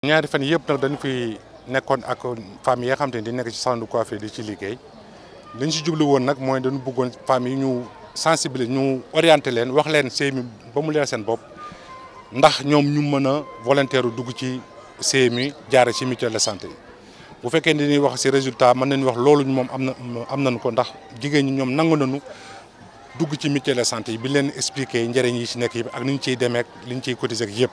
ñaari fan yëpp nag dañu fi nekkoon ak femmes yi nga xam ne di nekk ci salon de coiffure di ci liggéey liñ si jublu woon nag mooy dañu buggoon femmes yi ñu sensible ñu orienté leen wax leen CMU ba mu leer seen bopp ndax ñoom ñu mën a volontaire dugg ci CMU jaare ci mutuelle de santé yi bu fekkee ni ñuy wax ci résultat mën nañu wax loolu moom am na am nañu ko ndax jigéen ñi ñoom nangu nañu dugg ci mutuelle de santé yi bi leen expliqué njariñ yi ci nekk yëpp ak ni ñu ciy demee ak ciy cotiser ak yëpp.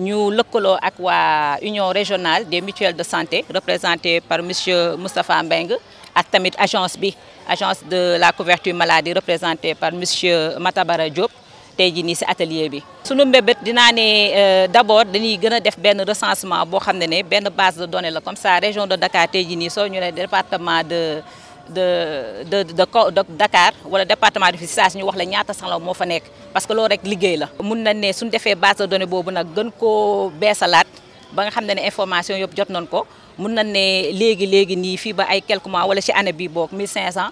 Nous avons ak l'Union union régionale des mutuelles de santé représentée par monsieur Moustapha Mbeng et tamit agence bi agence de la couverture maladie représentée par monsieur Matabara Diop qui est atelier bi. sunu euh, d'abord dañuy un recensement une base de données comme ça région de Dakar tey jii nii département de. de de de de Dakar wala département de Rufisque saa si ñu wax la ñaata Sanlaw moo fa nekk parce que loolu rek liggéey la. mun nañ ne suñ defee base de données boobu nag gën koo beesalaat ba nga xam ne ne information yëpp jot nañ ko mun nañ ne léegi léegi nii fii ba ay quelques mois wala ci année bii boog 1500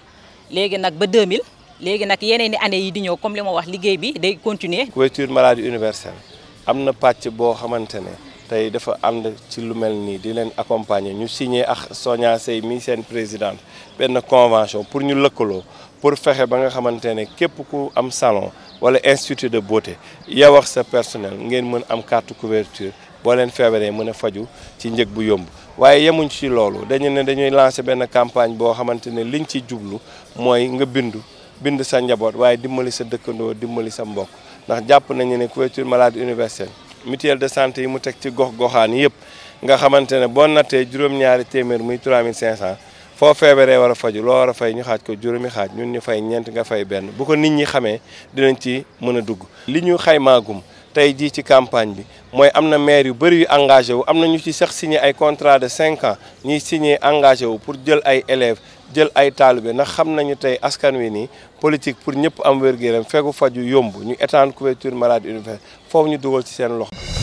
léegi nag ba 2000 léegi nag yeneen i année yi di ñëw comme li ma wax liggéey bi day continuer couverture maladie universelle am na pàcc boo xamante ne. tay dafa ànd ci lu melni di len accompagner ñu signé ak Sonia Sey mi seen présidente ben convention pour ñu lekkolo pour fexé ba nga xamantene képp ku am salon wala institut de beauté ya wax sa personnel ngeen mën am carte couverture bo len février mëna faju ci njëg bu yomb waye yemuñ ci lolu dañu ne dañuy lancer ben campagne bo xamantene liñ ci djublu moy nga bindu bindu sa njabot waye dimbali sa dëkkandoo dimbali sa mbokk ndax japp nañu ne couverture maladie universelle mutuelle de santé yi mu tek ci gox-goxaan yëpp nga xamantene bo naté juroom ñaari témèr muy 3500 fo feebaree wara faju lo wara fay ñu xaaj ko juroomi xaaj ñun ñu fay ñent nga fay ben bu ko nit ñi xamé dinañ ci mëna dugg. li ñu xaymaagum tay jii ci campagne bi moy amna maire yu bari yu engagé wu amna ñu ci sax signé ay contrat de 5 ans ñi signé engagé wu pour jël ay élèves. jël ay bi ndax xam nañu tey askan wi nii politique pour ñëpp am wér-gu-yaram fegu faju yomb ñu étendre couverture maladie universelle foofu ñu dugal ci seen loxo.